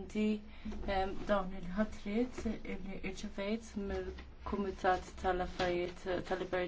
Għandi dawn il-ħatrit il irċivejt mill-Kumitat tal-Affarijiet tal-Libertà.